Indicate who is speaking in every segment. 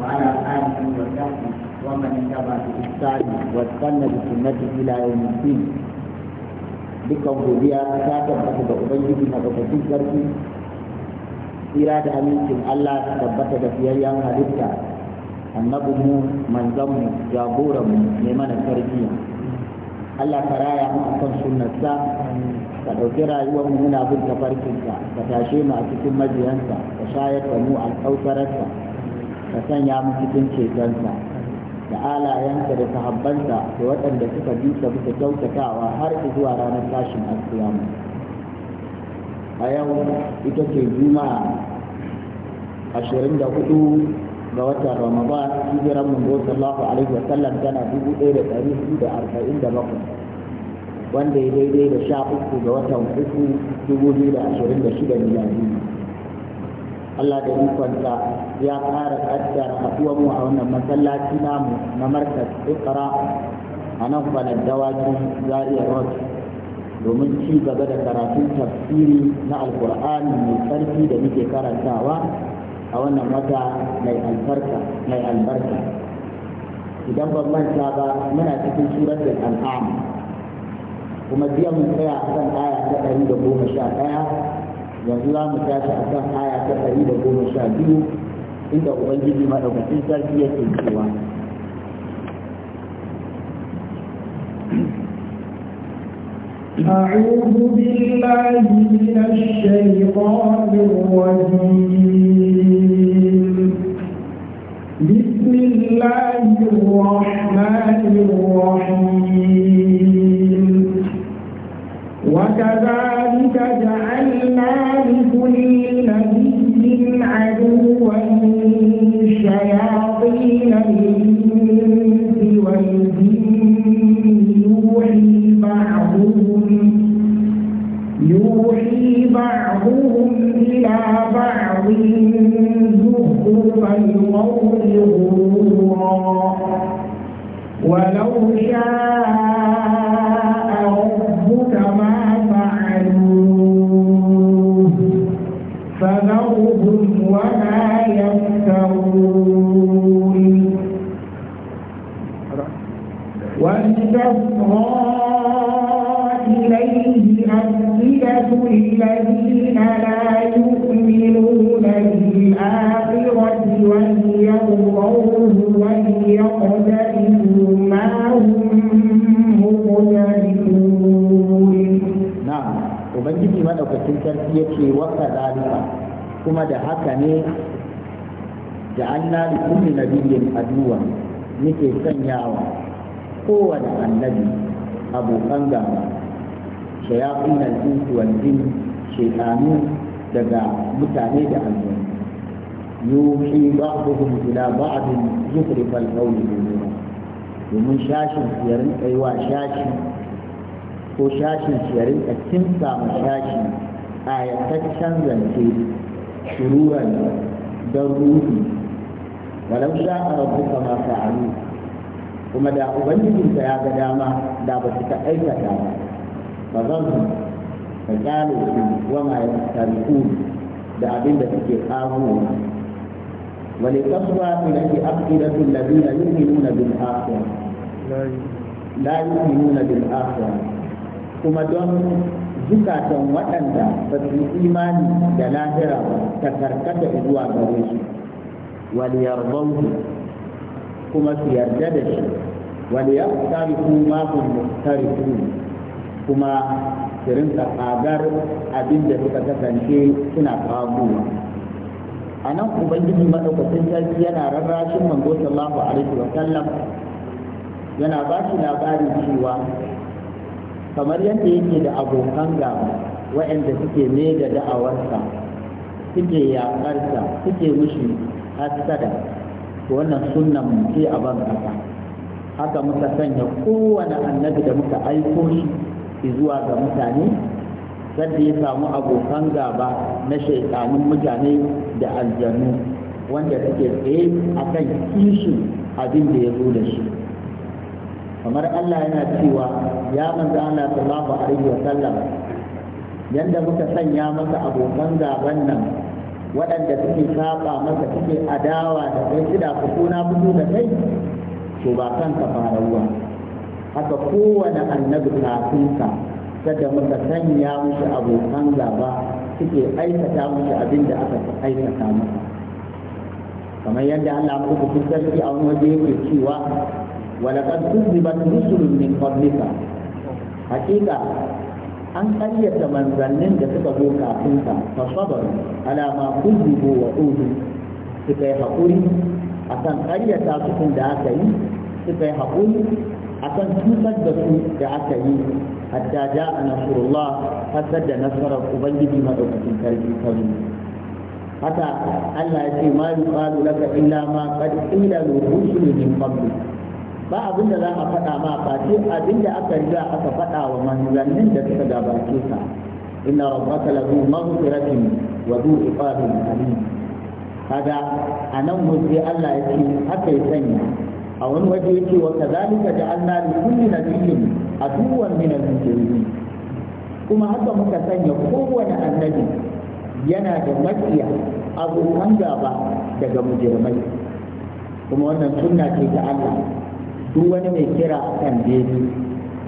Speaker 1: وعلى آله وصحبه ومن اتبع بإحسان واستنى بسنته إلى يوم الدين dukkan godiya ta tabbata ga ubangiji madaukakin sarki tsira da amincin Allah ta tabbata da fiyayyen halitta annabi mu manzanmu, mu jagoran mu mai mana sarki Allah ka raya mu akan sunnarsa ka ɗauki rayuwar mu muna bin tafarkinsa ka tashe mu a cikin majiyansa ka shayar da mu alƙautararsa ka sanya mu cikin cetonsa da alayensa da sahabbansa da waɗanda suka bi ka bisa kyautatawa har zuwa ranar tashin alkiyama a yau ita ce juma'a ashirin da hudu ga watan ramadan hijiran manzo sallahu alaihi wa sallam tana dubu ɗaya da ɗari hudu da arba'in da bakwai wanda ya daidai da sha uku ga watan uku dubu biyu da ashirin da shida miladi Allah da ikonsa ya ƙara ƙaddar haɗuwar mu a wannan masallaci namu na markas ikra a nan kwanar dawakin zaria rot domin ci gaba da karatun tafsiri na alkur'ani mai tsarki da muke karantawa a wannan wata mai albarka mai albarka idan ban manta ba muna cikin da al'am kuma biyan mu tsaya a kan aya ta ɗari da goma sha ɗaya yanzu za mu tashi a kan aya ta ɗari da goma sha biyu inda ubangiji madaukakin sarki yake cewa
Speaker 2: أعوذ بالله من الشيطان الرجيم بسم الله الرحمن الرحيم وكذا
Speaker 1: nabiyyin aduwa nake sanyawa kowane annabi abokan gaba ya al'insu wal jin shaitanu daga mutane da aljanu yuhi ba'dhum ila ba'din yukhrifa al-qawl ghurura domin shashin ya rinka yi wa shashi ko shashin ya rinka kimsa ma shashi ayataccen zance shuruwar don ruhi walau sha'a rabbuka ma fa'alu kuma da ubangijinka ya ga dama da ba su ta aikata ba ba zan su ka kyale su wama ya da abinda da suke kawo wale kasuwa su da ke aqidatul ladina yu'minuna bil akhirah kuma don zukatan waɗanda ba su imani da lahira ta karkata zuwa gare su. wal yarbawu kuma su da shi wal yaftaru ma hum muftarifun kuma irin ta agar abin da suka ta kance suna fago anan ubangiji madaukakin sarki yana rarrashin manzo sallallahu alaihi wa sallam yana ba shi labarin cewa kamar yadda yake da abokan gaba wa'anda suke ne da da'awarsa suke yaƙarsa suke mishi hasada wannan sunnan ce a ban kasa haka muka sanya kowane annabi da muka aiko shi zuwa ga mutane sadda ya samu abokan gaba na shaitanin mutane da aljanu wanda suke tsaye a kan kishin abin da ya zo da shi kamar Allah yana cewa ya manzo Allah sallallahu alaihi wa sallam yanda muka sanya masa abokan gaban nan waɗanda suke saba masa suke adawa da kai shida fito fito da kai to ba fara ruwa haka kowane annabi ka, kada muka sanya mushi abokan gaba suke aikata mushi abin da aka aikata masa kamar yadda Allah ya muku sarki a wani waje yake cewa walaqad kuzibat rusulun min qablika hakika an ƙayyata manzannin da suka zo kafin ka fa sabar ala ma wa udu suka yi haƙuri akan karyata su da aka yi suka yi haƙuri akan cutar da su da aka yi hatta a nasrullah fasar da nasarar ubangiji madaukakin sarki ta haka Allah ya ce ma yuqalu laka illa ma qad qila min qablik ba abin da za a faɗa ma face abin da aka riga aka faɗa wa manzannin da suka gabace ka inna rabbaka lahu maghfiratin wa dhu iqabin alim kaga anan gobe Allah ya ce haka ya sanya a wani waje yake wa da ja'alna li kulli nabiyyin aduwwan min al-mujrimin kuma haka muka sanya kowane annabi yana da makiya abokan gaba daga mujrimai kuma wannan sunna ce ta Allah duk wani mai kira kan daidai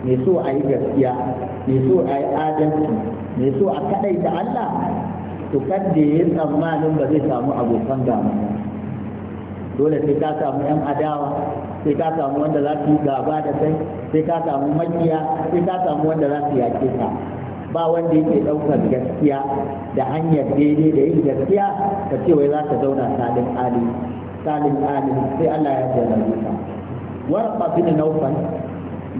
Speaker 1: mai so a yi gaskiya mai so a yi adalci mai so a kadai da Allah to kan da ya tsammanin ba zai samu abokan gama. dole sai ka samu yan adawa sai ka samu wanda za su yi gaba da kai sai ka samu makiya sai ka samu wanda za su yake ka ba wanda yake ɗaukar gaskiya da hanyar daidai da yin gaskiya ka ce wai za ka zauna salin alin salin sai Allah ya jarrabe ka warqa bin nawfal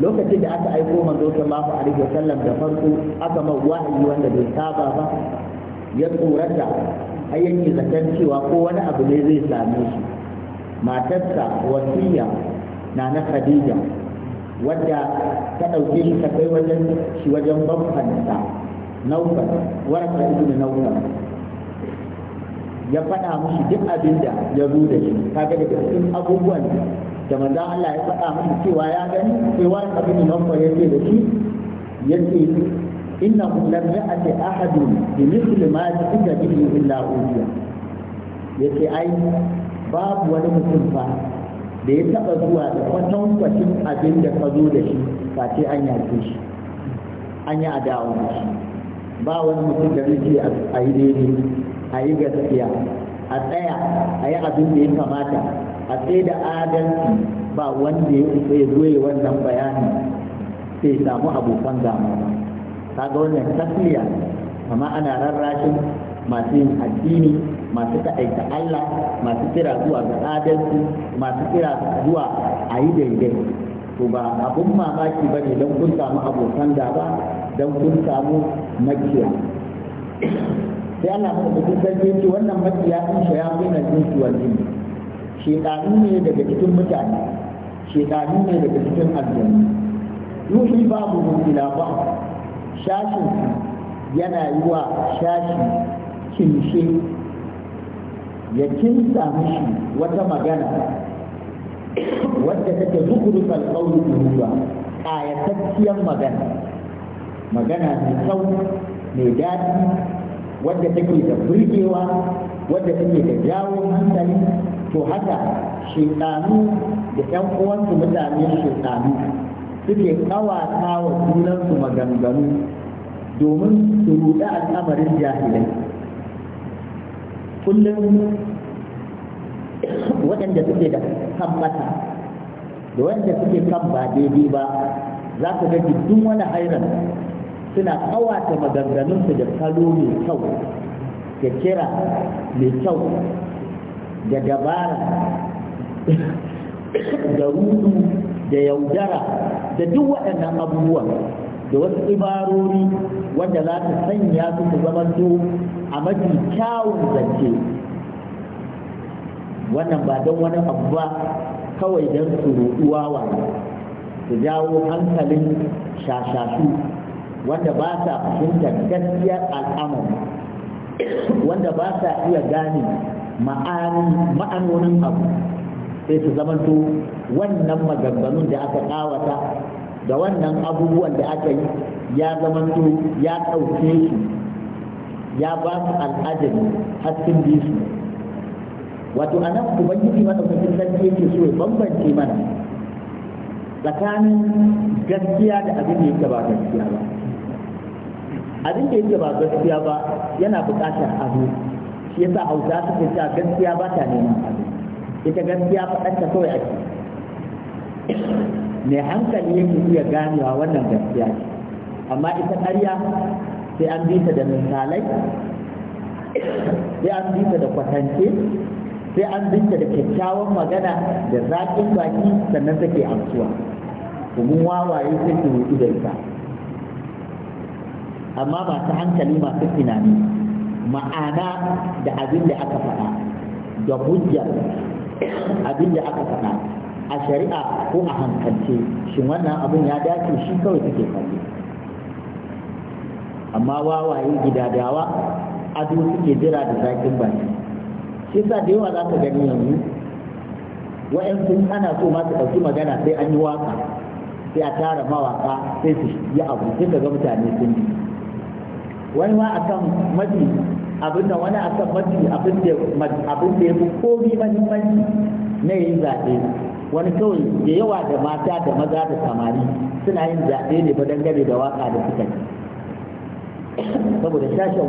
Speaker 1: lokacin da aka aiko manzo sallallahu alaihi wasallam da farko aka ma wahayi wanda bai saba ba ya tsorata a yake zaton cewa ko wani abu ne zai same shi matarsa wasiya na na khadija wadda ta ɗauke shi ta kai wajen shi wajen bamfanta naufal warqa bin naufal ya faɗa mushi duk abin da ya zo da shi kaga daga cikin abubuwan da manzan Allah ya faɗa masa cewa ya gani sai wani abin da nan ya ce da shi ya ce inna lam ya'ti ahadun bi mithli ma ji'a bihi illa Ya ce ai babu wani mutum fa da ya taba zuwa da kwatankwacin abin da ka zo da shi face an yaƙe shi an yi adawa da shi ba wani mutum da rike a yi daidai a yi gaskiya a tsaya a yi abin da ya kamata a sai da adalci ba wanda ya isa ya zoye wannan bayani sai samu abokan gama ga wannan tasliya amma ana rarrashin masu yin addini masu ta'aita Allah masu kira zuwa ga adalci masu kira zuwa a yi daidai to ba abun mamaki ba ne don kun samu abokan gaba don kun samu makiya sai Allah mai da sarki wannan makiya in shaya kuna jinsu wajen shedanu ne daga cikin mutane shedanu ne daga cikin aljanu yuhi babu hun ila ba'd shashin yana yi wa shashi kinshe ya kinsa mishi wata magana wadda take zukuru kalkauri kuruwa ƙayatacciyar magana magana mai kyau mai daɗi wadda take da burgewa wadda take da jawo hankali to haka shekaru da ‘yan uwansu mutane shekaru suke
Speaker 2: kawata wa junansu maganganu
Speaker 3: domin su ruɗa al'amarin jahilai
Speaker 1: kullum waɗanda suke da kan bata da waɗanda suke kan ba daidai ba za ka ga duk wani hairan suna kawata maganganunsu da kalo mai kyau da kira mai kyau da dabara da rudu da yaudara da duk waɗannan abubuwan da wasu ibarori wanda za ta sanya su su zamanto a mafi kyawun zance wannan ba don wani abu ba kawai don su ruɗuwa wa su jawo hankalin shashashu wanda ba sa fahimtar gaskiyar al'amari wanda ba sa iya gane ma'anonin abu sai su zamanto wannan maganganun da aka ƙawata da wannan abubuwan da aka yi ya zamanto ya ɗauke su ya ba su al'ajabi haskin bisu wato a nan ubangiji maɗaukakin sarki yake so ya bambance mana tsakanin gaskiya da abin da yake ba gaskiya ba abin da yake ba gaskiya ba yana buƙatar abu shi yasa hausa suke cewa gaskiya ba ta neman abin ita gaskiya faɗanta kawai ake mai hankali yake iya ganewa wannan gaskiya ce amma ita ƙarya sai an bi ta da misalai sai an bi ta da kwatance sai an bi ta da kyakkyawan magana da zaƙin baki sannan take amsuwa kuma wawaye sai su hutu da ita amma masu hankali masu tunani ma'ana da abin da aka faɗa da hujjar abin da aka faɗa a shari'a ko a hankalce shin wannan abin ya dace shi kawai suke faɗi amma wawaye gidadawa adu suke jira da zaƙin baki shi sa da yawa za ka gani yanzu wa'yansu ana so ma su ɗauki magana sai an yi waka sai a tara mawaka sai su yi abu sai ka ga mutane sun yi wani ma akan mafi abin da wani akan mafi abinda ya fi komi mahimmanci na yin zaɓe wani kawai da yawa da mata da maza da samari suna yin zaɓe ne ba dangane da waka da suka yi saboda shashen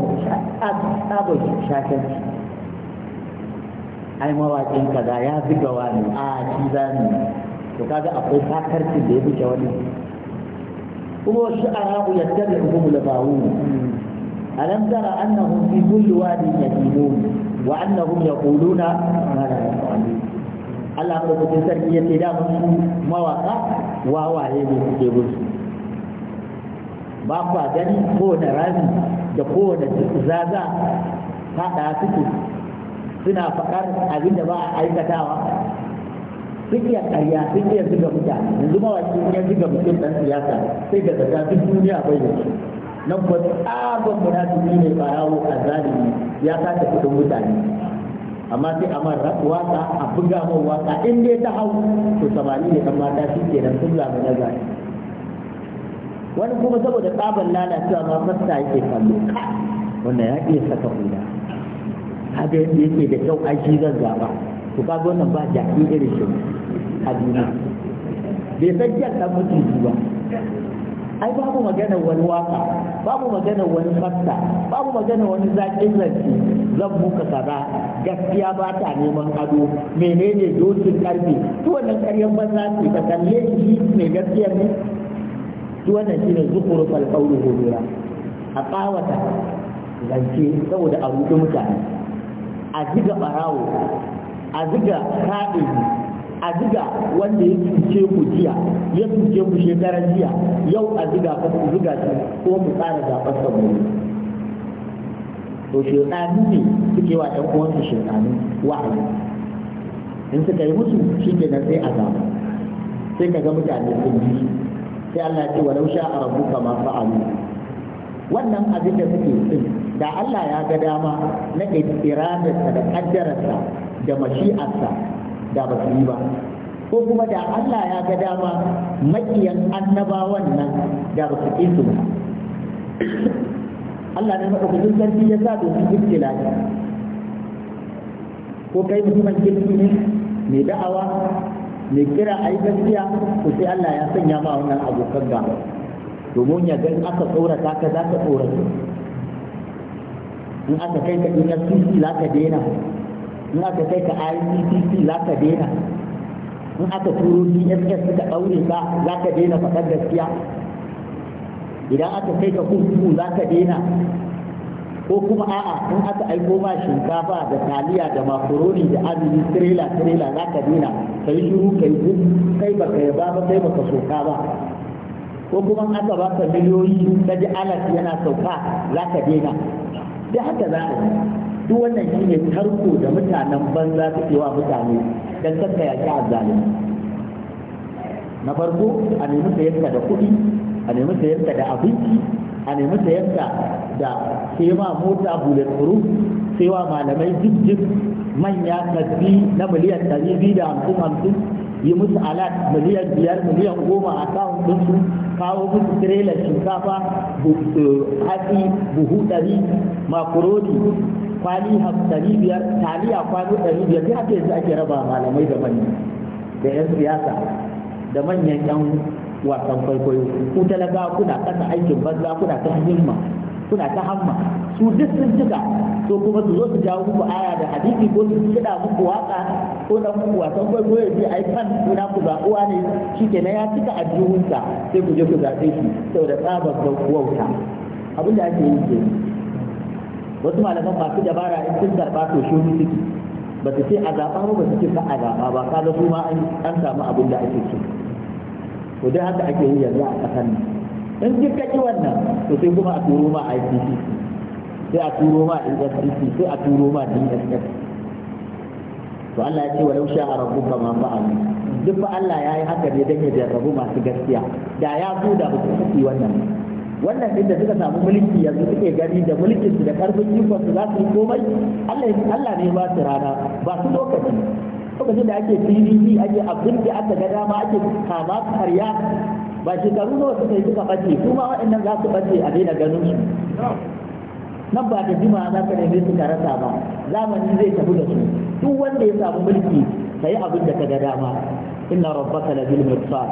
Speaker 1: abin shashen ai mawaƙin kaza ya fi gawa ne a shi za ne to kaga akwai sakarcin da ya fi wani kuma wasu arabu yadda da kuma da ألم تر أنهم في كل واد يهيمون وأنهم يقولون ما لا يفعلون Allah ko kuke sarki ya ce da musu mawaka wawaye ne suke musu ba kwa gani ko kowane rami da ko kowane zaza faɗa suke suna fakar abin da ba a aikatawa duk ya karya duk ya zuga mutane yanzu mawaki ya zuga mutum ɗan siyasa sai ga zata duk duniya bai da shi nan kuwa tsaban munafiki ne farawo a zalimi ya kasa kudin mutane amma sai a man waka a buga man waka in dai ta hau to samani ne kan mata shi ke nan sun zamu na wani kuma saboda tsaban lalacewa ma fasta yake kallo wannan ya iya saka hula haka yake da kyau aiki zan zaba to kaga wannan ba jaki irin shi a duniya bai san jan dan mutunci ba ai babu magana wani waka babu magana wani fasta babu magana wani zaƙin zance zan buka kaza gaskiya ba ta neman ado menene dokin karfe su wannan karyar banza ce ka kalle shi mai gaskiya ne su wannan ne zukuru fal hudura a ƙawata zance saboda a rufe mutane a ziga barawo a ziga kaɗe a ziga wanda ya cuce ku jiya ya cuce ku shekaran jiya yau a ziga ka ku ziga shi ko mu tsara zaɓar sa gobe to shekaru ne suke wa ɗan uwansu shekaru wahayi in suka yi musu shi nan sai a zaɓa sai ka ga mutane sun ji sai Allah ya ce walau sha a rabu ka masu fa'alu wannan abin da suke tsin da Allah ya ga dama na irarsa da ƙaddararsa da mashi'arsa da ba su yi ba ko kuma da Allah ya ga dama makiyan annabawan nan da ba su ƙi su ba Allah ne maɗaukakin sarki ya sa su ibtila'i ko kai musamman girki ne mai da'awa mai kira a yi gaskiya ko sai Allah ya sanya ma wannan abokan gaba domin ya ga aka tsorata ka za ka tsorata in aka kai ka in FCC za ka daina in aka kai ka IPCC za ka daina in aka turo DSS suka ɗaure ka za ka daina faɗar gaskiya idan aka kai ka kurkuku za ka daina ko kuma a'a in aka aiko ma shinkafa da taliya da makaroni da azumi tirela tirela za ka dena ka yi shiru ka yi duk kai ba ka yaba ba kai ba ka soka ba ko kuma aka ba ka miliyoyi ka ji alat yana sauka za ka dena da haka za a yi duk wannan shi ne tarko da mutanen banza yi wa mutane don kanka yaƙi a na farko a nemi sayarka da kuɗi a nemi sayarka da abinci a nemi sayarka da sai ma mota bullet kuru, sai wa malamai jijjif manya tasbi na miliyan 250 da hamsin yi musu alat miliyan biyar miliyan goma a kawun ɗinsu kawo musu tirelar shinkafa eh, hatsi buhu ɗari makuroni kwali ɗari taliya kwano ɗari biyar duk ake yanzu ake raba malamai da manyan da 'yan siyasa da manyan 'yan wasan kwaikwayo ku talaga kuna kasa aikin banza kuna ta himma suna ta hamma su duk sun cika to kuma su zo su jawo muku aya da hadisi ko su kiɗa muku waka ko da muku wasan kwaikwayo ya ce ai kan suna ku uwa ne, shi ke ya cika aljihunsa sai ku je ku zaɓe shi saboda tsabar wauta abin da ake yi ke wasu malaman masu dabara in sun zarba to shi suke ba su ce a zaɓa ba ba su ce ka a zaɓa ba kaga su ma an samu abin da ake ce to dai haka ake yi yanzu a ƙasar nan in duk kaki wannan to sai kuma a turo ma ICC sai a turo ma SCC sai a turo ma DSS to Allah ya ce walau sha a rabu ba ma fa'alu duk fa Allah ya yi haka ne don ya jarrabu masu gaskiya da ya zo da ba su yi wannan wannan din da suka samu mulki yanzu suke gani da mulkin su da karfin ikon su za su yi komai Allah Allah ne ba su rana ba su lokaci lokacin da ake PDP ake abin da aka ga dama ake kama karya ba shekaru nawa suka yi suka ɓace su ma waɗannan za su ɓace a daina ganin su nan ba da jima za ka neme su ka rasa ba zamani zai tafi da su duk wanda ya samu mulki ka yi abin da ka ga dama inna rabbaka bil mirsad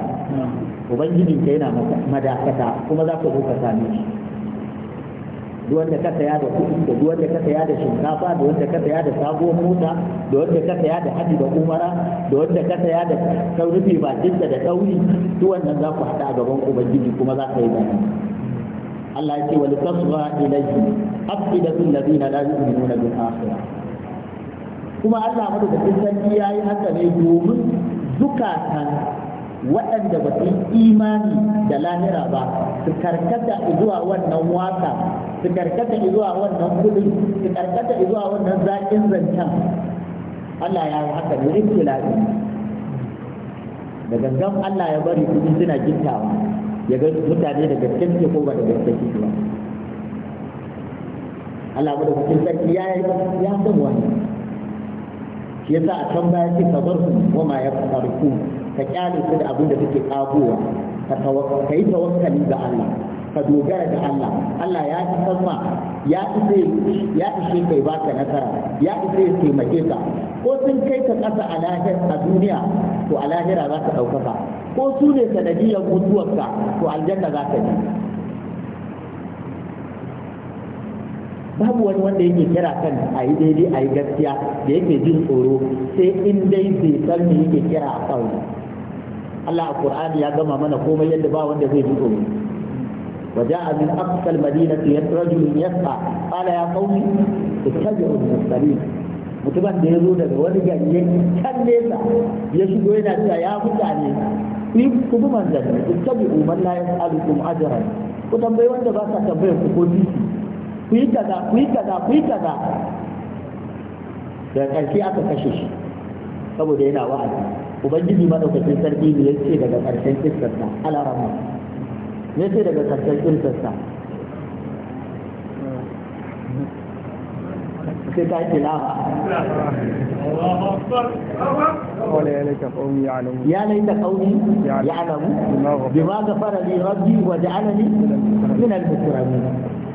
Speaker 1: ubangijinka yana madakata kuma za ka zo ka same shi wanda ka saya da kuɗi da wanda ka saya da shinkafa da wanda ka saya da sabuwar mota da wanda ka saya da haji da umara da wanda ka saya da ba dinka da dauri duk wannan za ku hada a gaban ubangiji kuma za ka yi bayani Allah ya ce wa litasra ilayhi afidatul ladina la yu'minuna bil akhirah kuma Allah madaukakin sarki yayi haka ne domin zukatan waɗanda ba su yi imani da lahira ba su karkata zuwa wannan waka su karkata zuwa wannan kudin su karkata zuwa wannan zaƙin zancen Allah ya yi haka ne lafi da gangan Allah ya bari su suna gintawa ya ga mutane da gaske ko ba da gaske ba Allah mu da cikin sarki ya yi ya san wani shi yasa a can baya ce kabar kuma ma ya farku ka kyale su da abin da suke tsagowa ka yi tawakkali ga Allah ka dogara ga Allah Allah ya ci sama ya ce ya ce kai baka nasara ya ce ya taimake ka ko sun kai ka kasa a lahir a duniya to a lahira za ka ɗaukaka ko su ne sanadiyar mutuwarka to aljanna za ka yi babu wani wanda yake kira kan a yi daidai a yi gaskiya da yake jin tsoro sai in dai bai san me yake kira a kawai Allah a Qur'ani ya gama mana komai yadda ba wanda zai ji tsoro وجاء من أقصى المدينة رجل يسعى قال يا قوم اتبعوا المرسلين mutumin da ya zo daga wani ganye can nesa ya shigo yana cewa ya mutane in ku bi manzanni ku tabi umar la yas'alukum ajran ku tambayi wanda ba sa tambayar ku ko titi ku yi kaza ku yi kaza ku yi kaza da ƙarshe aka kashe shi saboda yana wa'azi ubangiji madaukakin sarki ne ya ce daga ƙarshen kistarsa alarama ya ce daga ƙarshen kistarsa sai ta ce lafa ya laita ƙauni ya alamu ya laita ƙauni ya alamu bi ma gafara li rabbi wa ja'alani min al-mukramin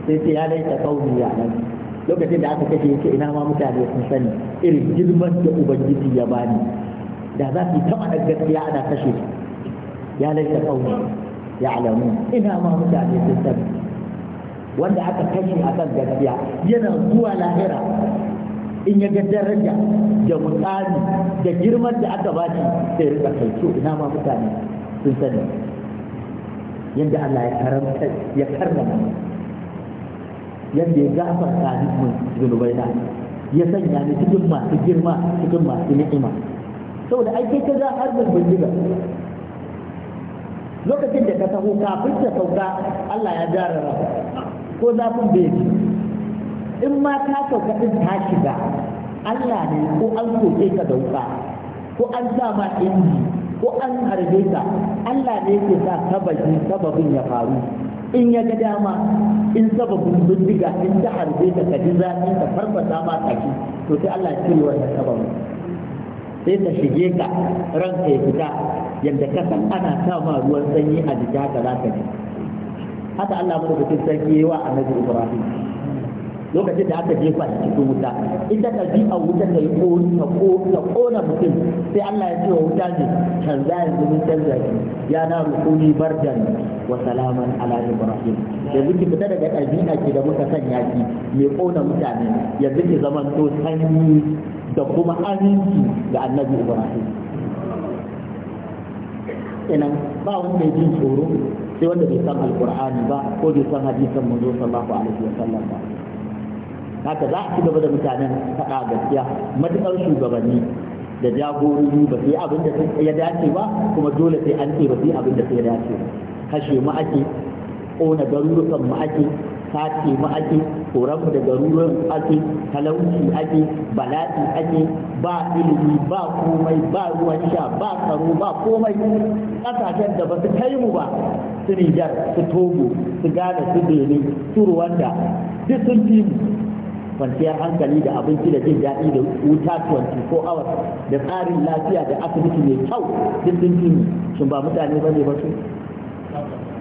Speaker 1: sai ce ya laita ƙauni ya alamu lokacin da aka kashe yake ina ma mutane sun sani irin girman da ubangiji ya bani da za su kama da gaskiya ana kashe su ya laifin kauni ya alamu ina ma mutane sun sani wanda aka kashe a kan gaskiya yana zuwa lahira in ya ga daraja da mutsani da girman da aka bashi sai rika kai to ina ma mutane sun sani yadda Allah ya karanta ya karrama yadda ya gafarta ni mun zunubaina ya sanya ni cikin masu girma cikin masu ni'ima saboda ai kai har za harbin ba lokacin da ka taho kafin ta sauka Allah ya jarara ko zafin bai ji in ma ka sauka din ta shiga Allah ne ko an soke ka dauka ko an sa ma inji ko an harbe ka Allah ne yake sa sababi sababin ya faru in ya ga dama in sababin bindiga in ta harbe ka ka ji zafi ka farfasa ma kaki to sai Allah ya cire wannan sababin sai ta shige ka ranka ya fita yadda ka san ana sa ma ruwan sanyi a jiki haka za ka ji haka Allah madaukakin sarki yayi wa annabi Ibrahim lokacin da aka jefa a cikin wuta ita ta bi a wutar da ta kona mutum sai Allah ya ce wa wuta ne canza yanzu mun canza shi ya na rukuni bardan wa salaman ala ibrahim yanzu ki fita daga ɗabi'a ke da muka sanya ki mai kona mutane yanzu ki zama to sanyi da kuma aminci ga annabi ibrahim kenan ba wanda ya jin tsoro sai wanda bai san alkur'ani ba ko bai san hadisan manzo sallallahu alaihi wa sallam ba haka za a ci gaba da mutanen faɗa gaskiya matuƙar shugabanni da jagorori ba su abin da ya dace ba kuma dole sai an ce ba su abin da ya dace kashe mu ake ƙona garurukan mu ake sace mu ake koran da garuruwan ake talauci ake bala'i ake ba ilimi ba komai ba ruwan sha ba tsaro ba komai ƙasashen da ba su kai mu ba su Nijar su Togo su Ghana su Benin su Rwanda duk sun fi mu kwanciyar hankali da abinci da jin daɗi da wuta 24 hours da tsarin lafiya da asibiti mai kyau duk sun fi sun ba mutane ba ne ba su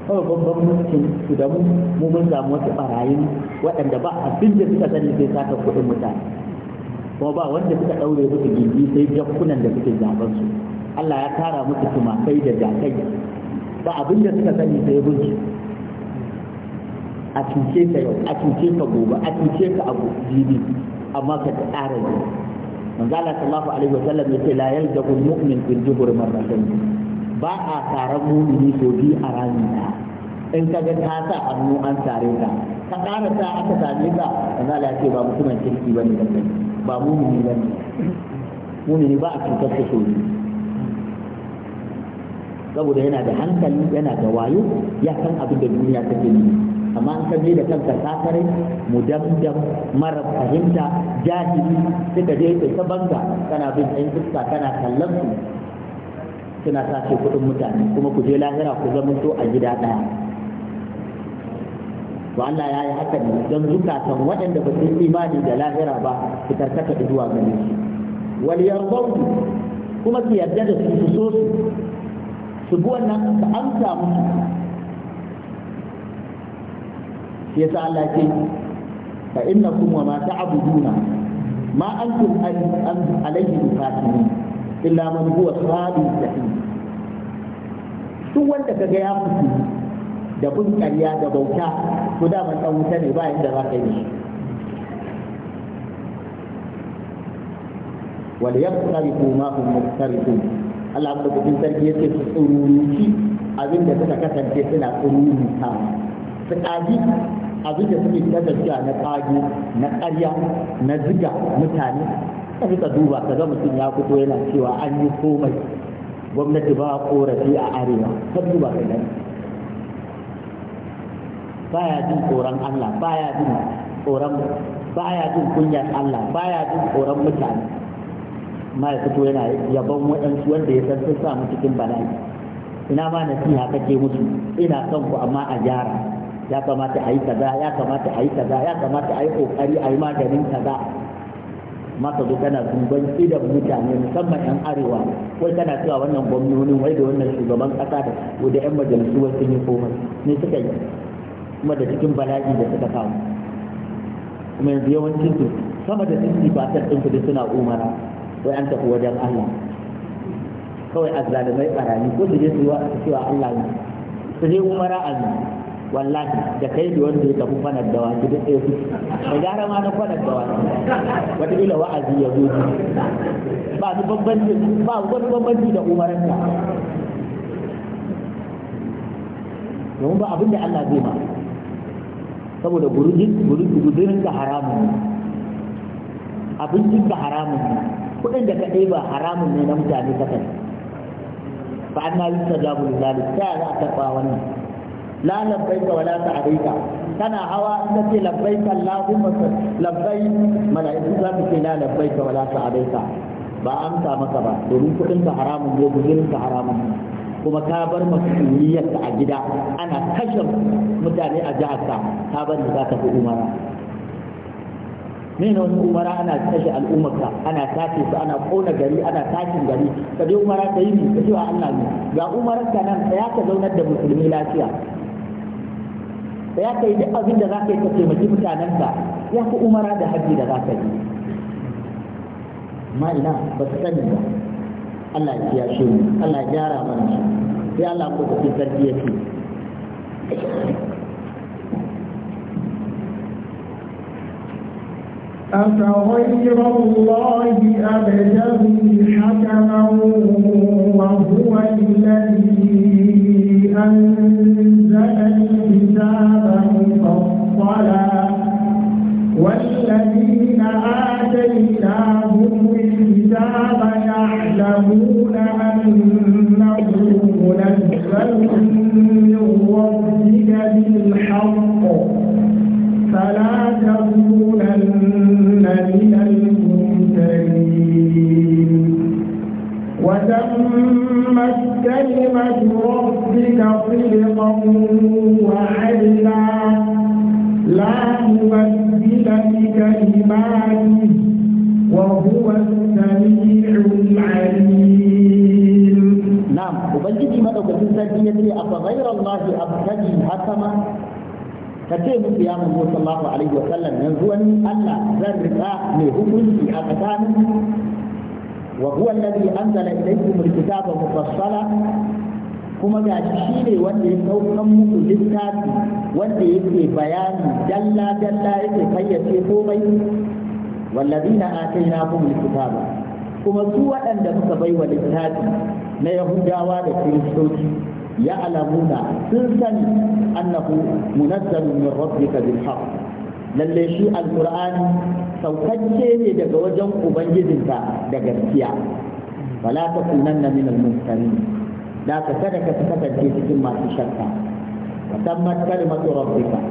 Speaker 1: kawai babban mulkin su da mu mu mun samu wasu barayin waɗanda ba abin da suka sani sai sata kuɗin mutane kuma ba wanda suka ɗaure musu gindi sai jakunan da suke zaɓar su Allah ya tara musu tumakai da jakai ba abin da suka sani sai gunki a cuce ka yau a cuce ka gobe a cuce ka abu jibi amma ka tsara ne manzala sallallahu alaihi wasallam yace la yalzabu mu'min fil jubur marratan ba a tsaran mu'mini so bi a ta in ka ga ta sa annu an tare ka ka ƙara ta aka same ka manzala yace ba mutumin kirki bane da kai ba mu'mini bane mu'mini ba a cutar ka so saboda yana da hankali yana da wayo ya san abin da duniya take yi amma an san da kanka sakare mudamdam mara fahimta jahili suka je ta banga kana bin ɗan iska kana kallon su suna sace kuɗin mutane kuma ku je lahira ku zamanto a gida ɗaya to Allah ya yi haka ne don zukatan waɗanda ba su imani da lahira ba su karkata zuwa gare shi wal yarbawu kuma su yarda da su su so su su bi wannan ka amsa musu shi yasa Allah ce fa innakum wa ma ta'buduna ma antum an alayhi bifatini illa man huwa sabil jahim duk wanda kaga ya fito da bin ƙarya da bauta to da man dan wuta ne ba yanda za ka yi wal yaqtarifu ma hum muqtarifun Allah mu da sarki yace su tsururuci abinda suka kasance suna tsururuci su ƙaji abin da suke ta tafiya na ƙage na ƙarya na ziga mutane ka rika duba ka ga mutum ya fito yana cewa an yi komai gwamnati ba korafi a arewa ka duba ka gani baya jin tsoron Allah baya jin tsoron baya jin kunyar Allah baya jin tsoron mutane ma ya fito yana yabon waɗansu wanda ya san sun samu cikin bala'i ina ma nasiha kake musu ina son ku amma a gyara ya kamata a yi kaza ya kamata a yi kaza ya kamata a yi kokari a yi maganin kaza maka zo kana duban idan mutane musamman yan arewa wai kana cewa wannan gwamnonin wai da wannan shugaban kasa da da yan majalisu wai sun yi komai ne suka yi kuma da cikin bala'i da suka kawo kuma yanzu yawancin su sama da sisi fatar ɗin da suna umara wai an tafi wajen Allah kawai azzalimai barani ko su je su yi wa Allah ne su je umara a wallahi da kai da wanda ya tafi fanar da wasu duk ɗaya kuke da gara ma na fanar da wani wataƙila wa'azi ya zo ba su bambanci ba wani
Speaker 3: bambanci da umaranta
Speaker 1: domin ba abin da Allah zai ma saboda gudurin da haramun abincin da haramun kuɗin da ka ba haramun ne na mutane Ba fa'an na yi ta jabu da ta za a taɓa wannan la labbaika wala ta'rika kana hawa in ce labbaika allahumma labbaik mala'iku za su ce la labbaika wala ta'rika ba amsa maka ba domin kudin haramun ka haramun kuma ka bar masuliyar a gida ana kashe mutane a jihar ka ka bar da zaka fi umara ne wani umara ana kashe al'ummarka ana tace su ana kona gari ana tashin gari ka je umara ka yi ka ce wa Allah ne ga umarar ka nan ya ka zaunar da musulmi lafiya da ya kai duk abin da za ka yi ka taimaki mutanenka ya fi umara da haji da za ka yi amma ina ba su sani ba Allah ya kiyashe mu Allah ya gyara mana shi sai Allah ko ta sarki ya ce
Speaker 2: أفغير الله أبتغي حكما وهو الذي أنزل الصلاة والذين آتيناهم الكتاب يعلمون أنه منزل من ربك بالحق فلا تكونن من الممتلين وتمت كلمة ربك صدقا وعدلا لا مبدل لكلماته وهو السميع العليم
Speaker 1: نعم وبنجي ما دوكتين سنتي يدري أفغير الله أبتدي حكما kace musu ya manzo sallallahu alaihi wa sallam yanzu wani Allah zan rika mai hukunci a tsakanin wa huwa alladhi anzala ilaykum alkitaba mufassala kuma ga shi ne wanda ya saukan muku littafi wanda yake bayani dalla dalla yake fayyace komai wallazina atainahum na kuma su waɗanda muka bai wa littafi na yahudawa da kiristoci ya alamuna sun sani annahu munazzalun min rabbika bil haqq lalle shi alqur'ani saukacce ne daga wajen ubangijinka da gaskiya wala takunanna min al da ka kada ka kasance cikin masu shakka ka tabbat kalimatu rabbika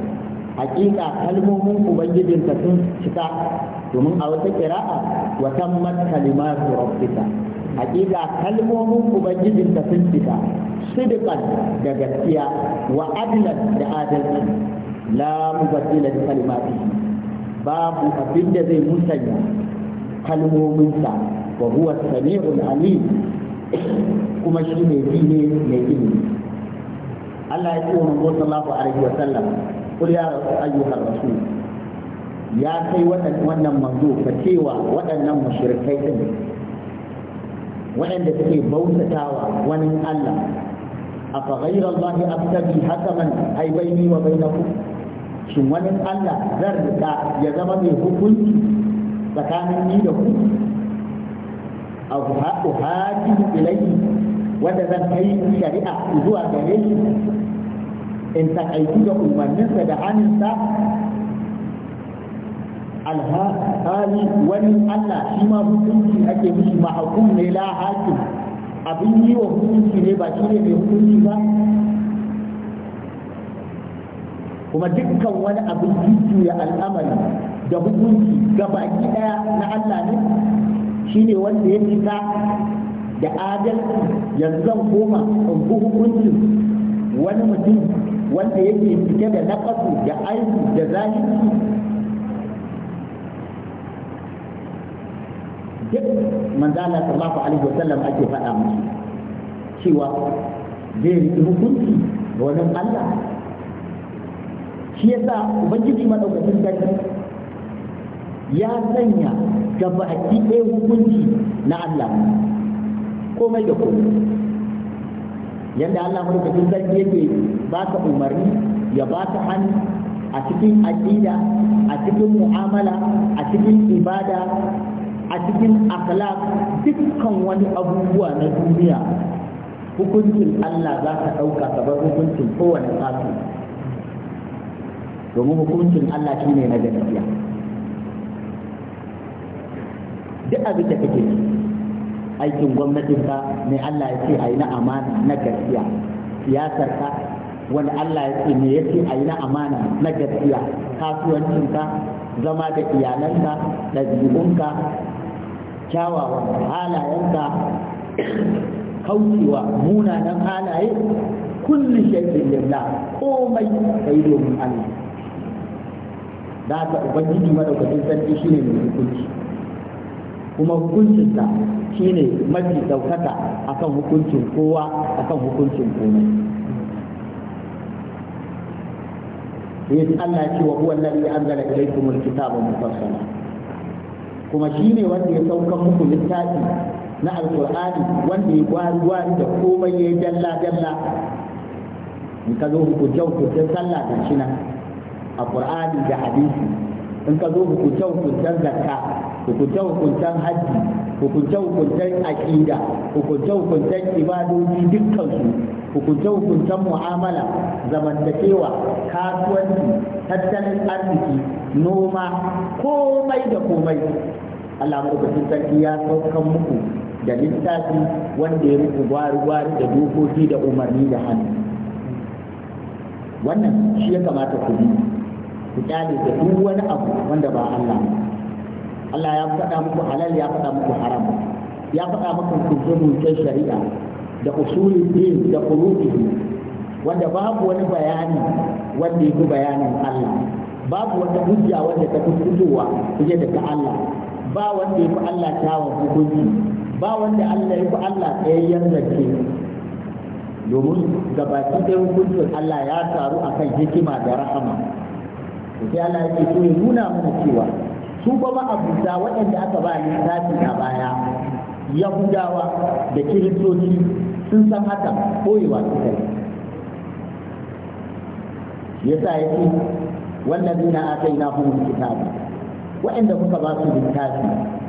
Speaker 1: hakika kalmomin ubangijinka sun cika domin a wata kira'a wa tammat kalimatu rabbika hakika kalmomin ubangijinka sun cika sidqan da gaskiya wa adlan da adalci la mubaddila li kalimati babu abin da zai musanya kalmominsa wa huwa samiul alim kuma shi ne ji ne mai ilimi Allah ya ce wa manzo sallallahu alaihi wa sallam kul ya ayyuhar rasul ya kai wannan manzo ka cewa waɗannan mushrikai din waɗanda suke bautatawa wani Allah afa ghayra Allah abtabi hakaman ay baini wa bainakum shin wani Allah zan rika ya zama mai hukunci tsakanin ni da ku uhadi ilayhi wanda zan kai shari'a zuwa gare shi in da umarninsa da hannunsa alhali wani Allah shi ma hukunci ake mishi mahakum ne la hakim abin yi wa hukunci ne ba shi ne mai hukunci ba kuma dukkan wani abin jujjuya al'amari da hukunci ga baki daya na Allah ne shine wanda ya fita da adalci yanzu zan koma in bi hukuncin wani mutum wanda yake fita da naƙasu da aiki da zahiri
Speaker 3: duk manzala
Speaker 1: sallallahu alaihi wasallam ake faɗa musu cewa zai riƙi hukunci ga wani Allah shi yasa ubangiji madaukakin sarki ya sanya ga baki ɗaya hukunci na Allah komai da komai yadda Allah madaukakin sarki yake ba ka umarni ya ba ka hannu a cikin aƙida a cikin mu'amala a cikin ibada a cikin akhlaq dukkan wani abubuwa na duniya hukuncin Allah za ka ɗauka ka bar hukuncin kowane tsafi domin hukuncin Allah shine na gaskiya duk abin da kake ci aikin gwamnatin ka mai Allah ya ce a yi na amana na gaskiya siyasar ka Allah ya ce a yi na amana na gaskiya kasuwancin ka zama da iyalanka ɗabi'unka kyawawan halayenka kaucewa munanan halaye kullu shay'in lillah komai kai domin Allah da ka ubangiji madaukakin sarki shine mai hukunci kuma hukuncinsa shine mafi a akan hukuncin kowa akan hukuncin komai sai Allah ce wa huwa allazi anzala ilaykum alkitaba mufassala kuma shine wanda ya sauka muku littafi na alqur'ani wanda ya gwari gwari da komai ya dalla dalla in ka zo ku jauku ta sallah da nan a qur'ani da hadisi in ka zo ku jauku ta zakka hukunce-hukuncen hajji hukunce-hukuncen aƙida hukunce-hukuncen ibadoji dukkansu hukunce-hukuncen mu'amala zamantakewa kasuwanci tattalin arziki noma komai da komai Allah madaukakin sarki ya saukan muku da littafi wanda ya muku gwari-gwari da dokoki da umarni da hannu wannan shi ya kamata ku bi ku kyale da duk wani abu wanda ba Allah Allah ya faɗa muku halal ya faɗa muku haram ya faɗa muku kuzumun shari'a da usuli din da qulubihi wanda babu wani bayani wanda yake bayanin Allah babu wata hujja wanda ta fitowa fiye da ta Allah ba wanda ya fi Allah tawon hukunci ba wanda Allah ya fi Allah tsayayyen zance domin gabaki ɗaya hukuncin Allah ya taru akan hikima da rahama sai Allah ya ce so ya nuna mana cewa su ba ma'abuta waɗanda aka ba littafi a baya yahudawa da kiristoci sun san haka koyewa suka yi sa ya ce wannan zina aka yi na hulun kitabu waɗanda muka ba su littafi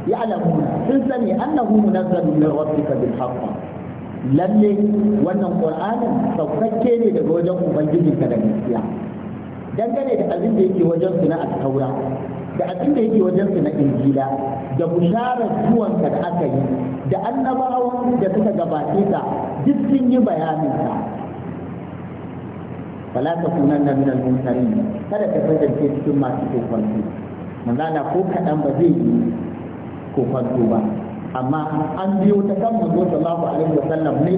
Speaker 1: ya alamuna sun sani annahu munazzalu min rabbika bil haqq lalle wannan qur'anin saukakke ne daga wajen ubangijinka da gaskiya dangane da abin da yake wajen su na at-taura da abin da yake wajen na injila da bisharar zuwanka da aka yi da annabawan da suka gabace ka duk sun yi bayanin ka fala ta kunan na minal munkarin kada ka kasance cikin masu kokonto manzala ko kaɗan ba zai yi kokonto ba amma an biyo ta kan manzo sallallahu alaihi sallam ne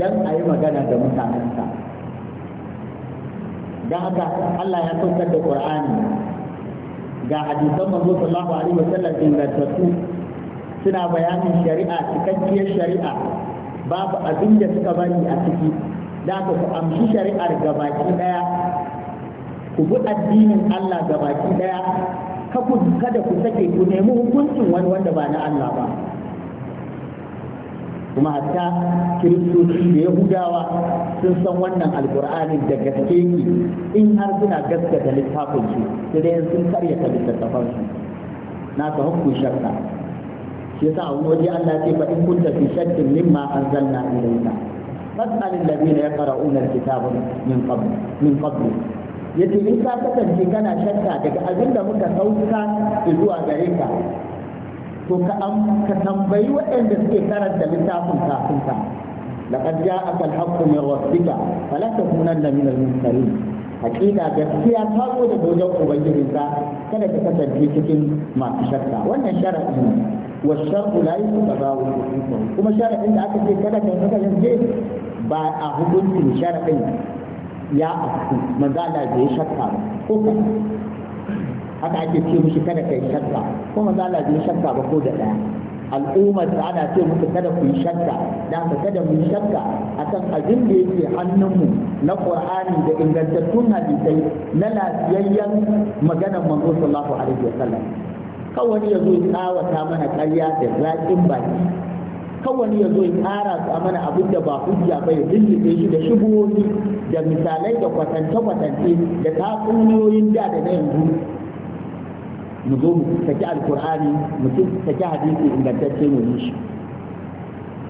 Speaker 1: dan a yi magana da mutanensa dan haka Allah ya saukar da Qur'ani ga hadisan manzo sallallahu alaihi wasallam ingantattu suna bayanin shari'a cikakkiyar shari'a babu abin da suka bari a ciki da ku amshi shari'ar gabaki daya ku bi addinin Allah gabaki daya kada ku sake ku nemi hukuncin wani wanda ba na Allah ba kuma hatta kiristoci da yahudawa sun san wannan alkur'ani da gaske ki in har suna gaskata littafin su sai dai sun ta littattafan su na ta hukun shakka shi yasa a waje Allah ce fa in kunta fi shakkin mimma anzalna ilayka fas'al alladhina yaqra'una alkitaba min qabl min qabl yace in ka kasance kana shakka daga abinda muka sauka zuwa gare ka to ka tambayi waɗanda suke karanta littafin kafin ka laqad ja'aka al-haqqu min rabbika fala takunanna min al-mumtarin hakika gaskiya ta zo da wajen ubangijinka kada ka kasance cikin masu shakka wannan sharadi ne wa shar'u la yutabawu kuma sharadin da aka ce kada ka kasance ba a hukuncin sharadin ya afku manzo Allah bai shakka ba ko haka ake ce mishi kada yi shakka ko manzo Allah bai shakka ba ko da ɗaya. al'ummar ana ce muku kada ku yi shakka da haka kada mu yi shakka akan abin da yake hannunmu na qur'ani da ingantattun hadisai na lafiyayyen maganar manzo sallallahu alaihi wasallam kawai ya zo ya tsawata mana ƙarya da zaƙin baki kawai ya zo ya ƙara su mana abin da ba hujja ba ya lullube shi da shigohi da misalai da kwatance-kwatance da tatsuniyoyin da da na yanzu mu zo mu saki alkur'ani mu saki hadisi ingantacce mu yi shi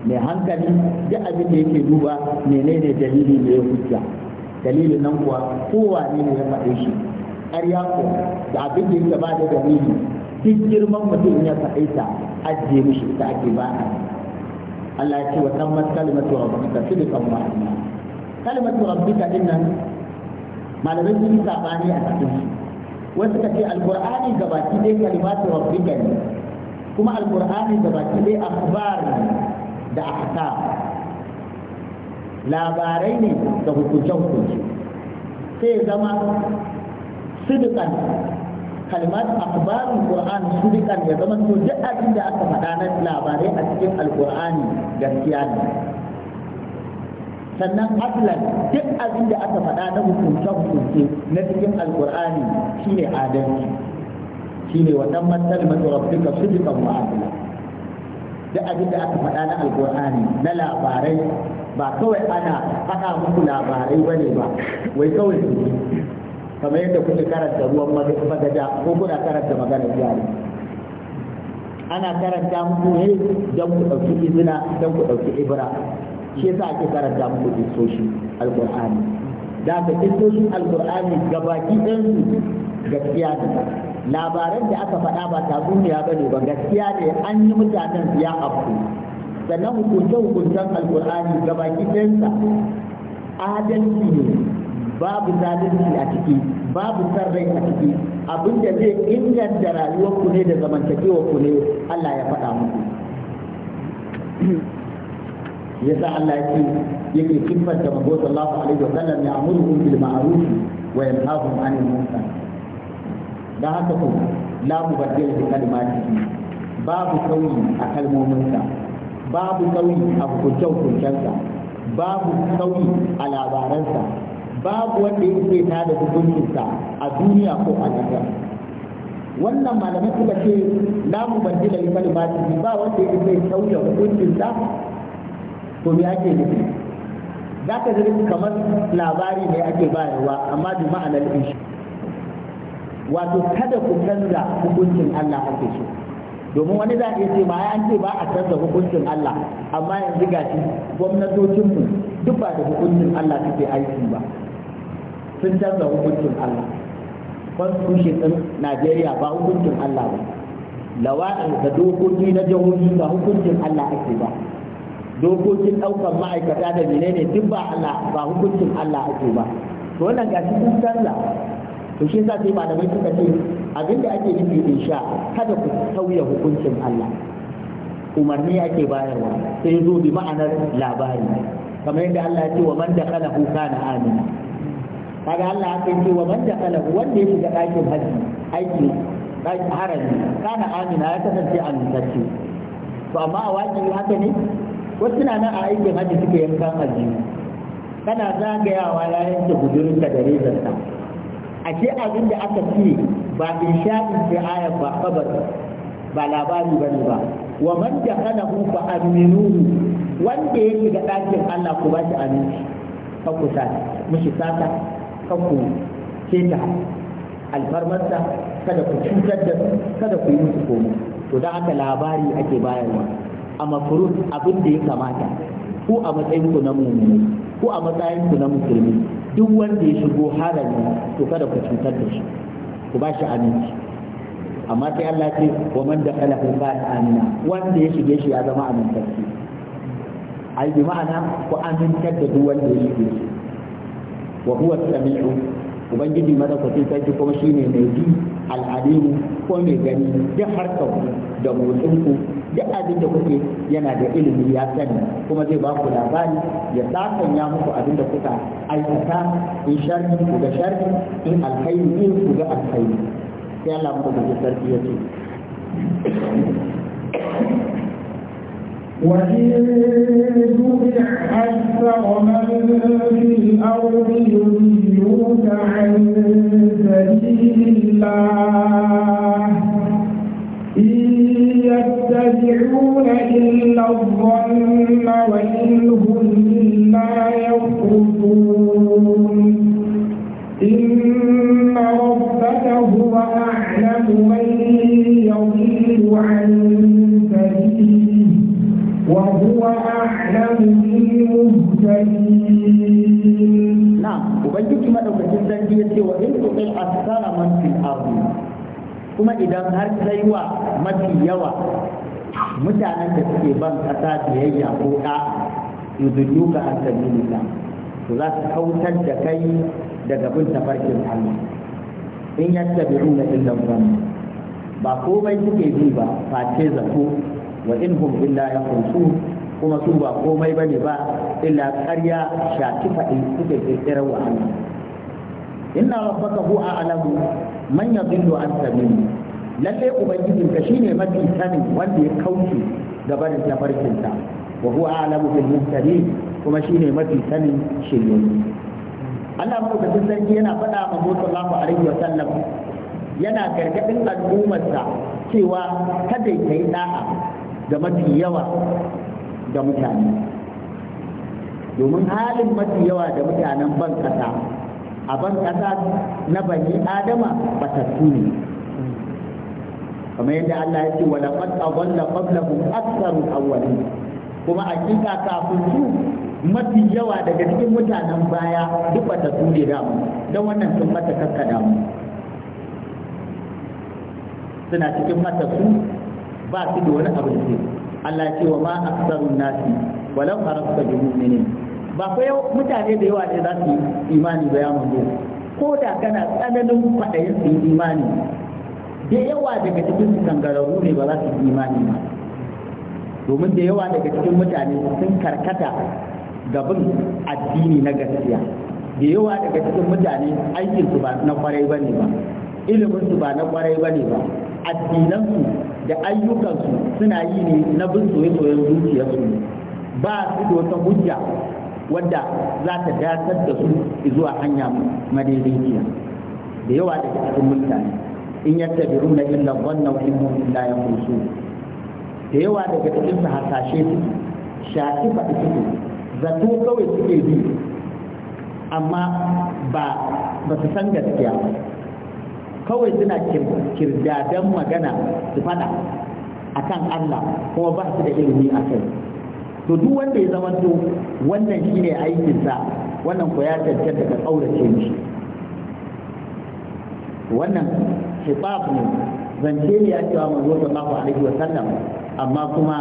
Speaker 1: mai hankali duk abin da yake duba menene dalili ne ya hujja dalilin nan kuwa kowa ne ya faɗe shi ƙarya ko da abin da yake ba da dalili duk girman mutum ya faɗe ta ajiye mishi ita ake ba Allah ya ce wa kan kalimatu rabbika sidqan wa adla kalimatu rabbika nan malamai sun yi sabani a cikin shi wasu ka ce alqur'ani gabaki dai kalimatu rabbika ne kuma alqur'ani gabaki dai akhbar ne da ahkam labarai ne da hukunce hukunce sai ya zama sidikan kalimat akhbar alqur'an sudikan ya zama to duk abin da aka faɗa na labarai a cikin alqur'ani gaskiya ne sannan aslan duk abin da aka faɗa na hukunce hukunce na cikin alkur'ani shine adalci shine wa dan matsal maturabbika sidqan wa adla duk abin da aka faɗa na alkur'ani na labarai ba kawai ana faɗa muku labarai bane ba wai kawai su kamar yadda kuke karanta ruwan magada ko kuna karanta maganar yare ana karanta muku ne don ku ɗauki izina don ku ɗauki ibra shi yasa ake karanta muku dissoshin alqur'ani da ka dissoshin alqur'ani gabaki ɗayan su gaskiya ne labaran da aka faɗa ba tatsuniya ba ne ba gaskiya ne an yi mutanen ya afku sannan hukunce-hukuncen alkur'ani gabaki ɗansa adalci ne babu zalunci a ciki babu san rai a ciki abinda zai inganta rayuwarku ne da zamantakewarku ne allah ya faɗa muku Ya sa Allah yake yake kiffanta manzo sallallahu alaihi wa sallam ya amuru bil ma'ruf wa yanhahum 'anil munkar Da haka ko la mubaddila bi kalimatihi babu sauyi a kalmominsa babu sauyi a hukunce-hukuncensa babu sauyi a labaransa babu wanda ya ce ta da hukuncinsa a duniya ko a lahira wannan malamai suka ce la mubaddila li kalimatihi ba wanda ya ce sauya hukuncinsa to me ake nufi za ka zira kamar labari ne ake bayarwa amma bi ma'anar inshi wato kada ku canza hukuncin Allah ake so domin wani za a ce ba ya an ce ba a canza hukuncin Allah amma yanzu gashi gwamnatocinmu duk ba da hukuncin Allah suke aiki ba sun canza hukuncin Allah shi ɗin Najeriya ba hukuncin Allah ba lawa'i da dokoki na jihohi ba hukuncin Allah ake ba dokokin ɗaukar ma'aikata da menene duk ba Allah ba hukuncin Allah ake ba to wannan shi sun canza to shi yasa sai malamai suka ce abin da ake nufi sha kada ku sauya hukuncin Allah umarni ake bayarwa sai zo bi ma'anar labari kamar yadda Allah ya ce wa man dakala hu kana amina kaga Allah ya ce wa man hu wanda ya shiga ɗakin haji aiki harami kana amina ya kasance amintacce to amma a waƙi haka ne wasu na nan a aikin hajji suke yankan aljihu kana zagayawa ya yanke ka da A ce abin da aka ce ba in sha'in ce ayar ba kabar ba labari ba ne ba wa man da kana hu fa wanda ya shiga ɗakin Allah ku ba shi aminci kan ku sa mushi sata kan ku keta alfarmarsa kada ku cutar da kada ku yi musu komai to don haka labari ake bayarwa a makurun abin da ya kamata ko a matsayinku na mummuni ko a matsayinku na musulmi duk wanda ya shigo harami to kada ku cutar da shi ku ba shi aminci amma sai Allah ce wa man da kala ku ba amina wanda ya shige shi ya zama amintacce ai bi ma'ana ku amintar da duk wanda ya shige shi wa huwa samiu ubangiji madaukakin sarki kuma shine mai ji al'alimu ko mai gani duk harkar da motsinku duk abin da kuke yana da ilimi ya sani kuma zai ba ku labari ya sakanya muku abin da kuka aikata in sharri ku ga sharri in alkhairi in ku ga alkhairi sai Allah mu da sarki ya ce
Speaker 2: وإن أكثر من في الأرض عن سبيل الله إن يتبعون إلا الظن إلا إن ربك هو أعلم من يضل عن وهو أعلم بالمهتدين نعم وبنجد ما لو كنت تنجيتي
Speaker 1: وإن تطيع أكثر kuma idan har sai wa mafi yawa mutanen da suke ban ƙasa biyayya ko da yuzullu ka an to za su kautar da kai daga bin tafarkin Allah in yattabi'una na dhanna ba komai suke bi ba face zato wa in hum illa yakhrusun kuma su ba komai bane ba illa ƙarya shaki faɗi suke kirkirar wa Allah inna rabbaka huwa a'lamu man yadillu an sabili lalle ubangijinka shine mafi sanin wanda ya kauce gabanin tafarkinta wa huwa a'lamu bil muhtadin kuma shine mafi sanin shiryayyu Allah madaukakin sarki yana faɗa ma sallallahu alaihi wa sallam yana gargadin al'ummarsa cewa kada ta yi da'a Da mafi yawa da mutane domin halin mafi yawa da mutanen ban ƙasa a ban ƙasa na bani adama batattu ne kamar yadda Allah ya ce wa laqad adalla qablahum aktharul awwalin kuma a hakika kafin su mafi yawa daga cikin mutanen baya duk batattu ne da mu dan wannan sun kakka kakkada mu suna cikin su ba su da wani abu da Allah ce wa ma aksarun nasi walau harasta bi mu'minin ba ko yau mutane da yawa ne za su imani ba ya manzo ko da kana tsananin kwaɗayin su imani da yawa daga cikin su kangararru ne ba za su yi imani ba domin da yawa daga cikin mutane sun karkata gabin addini na gaskiya da yawa daga cikin mutane aikinsu ba na kwarai ba ne ba iliminsu ba na kwarai ba ne ba addinansu da ayyukansu suna yi ne na bin soyayyen zuciyarsu ba su da wata hujja wadda za ta datar da su zuwa hanya madaidaiciya da yawa daga cikin mutane in yattabi'una illa wannan wa innahum illa musu da yawa daga cikin su hasashe su shaki faɗi suke zato kawai suke bi amma ba ba su san gaskiya ba kawai suna kirdadan magana su fada a kan Allah kuma ba su da ilimi a kai to duk wanda ya zamanto wannan shi ne aikinsa wannan ko ya cancanta ka kaurace mishi wannan hibab ne zance ne ya cewa manzo sallallahu alaihi wa sallam amma kuma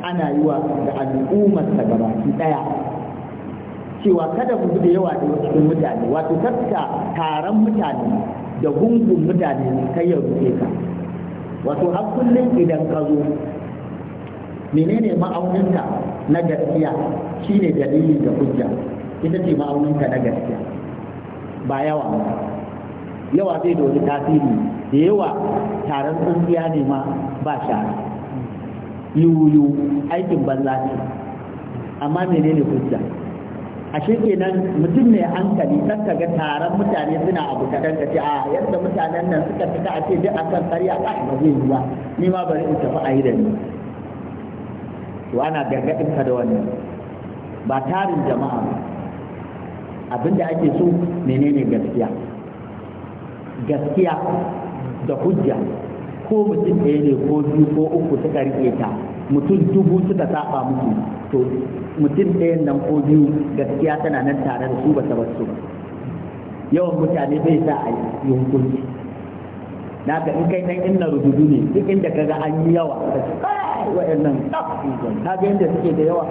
Speaker 1: ana yi wa da al'ummar ta ki daya cewa kada ku bude yawa da cikin mutane wato tatta taron mutane da gungun mutane kai ya rufe ka wato har kullum idan ka zo menene ma'auninka na gaskiya shine dalili da hujja ita ce ma'auninka na gaskiya ba yawa yawa zai da wani tasiri da yawa taron tsintsiya ne ma ba sha yiwu aikin banza ce amma menene hujja ashe kenan mutum ne hankali kan ka ga taron mutane suna abu kadan ka ce a yadda mutanen nan suka fita a ce duk akan karya ba ba zai yi ba ni ma bari in tafi a yi da ni to ana gargadin ka da wannan ba tarin jama'a ba abinda ake so menene gaskiya gaskiya da hujja ko mutum ɗaya ne ko biyu ko uku suka riƙe ta mutum dubu suka saba musu to mutum ɗayan nan ko biyu gaskiya tana nan tare da su ba ta ba yawan mutane bai sa a yi hukunci ga in kai dan inna rududu ne duk inda kaga an yi yawa kai wayannan ga inda suke da yawa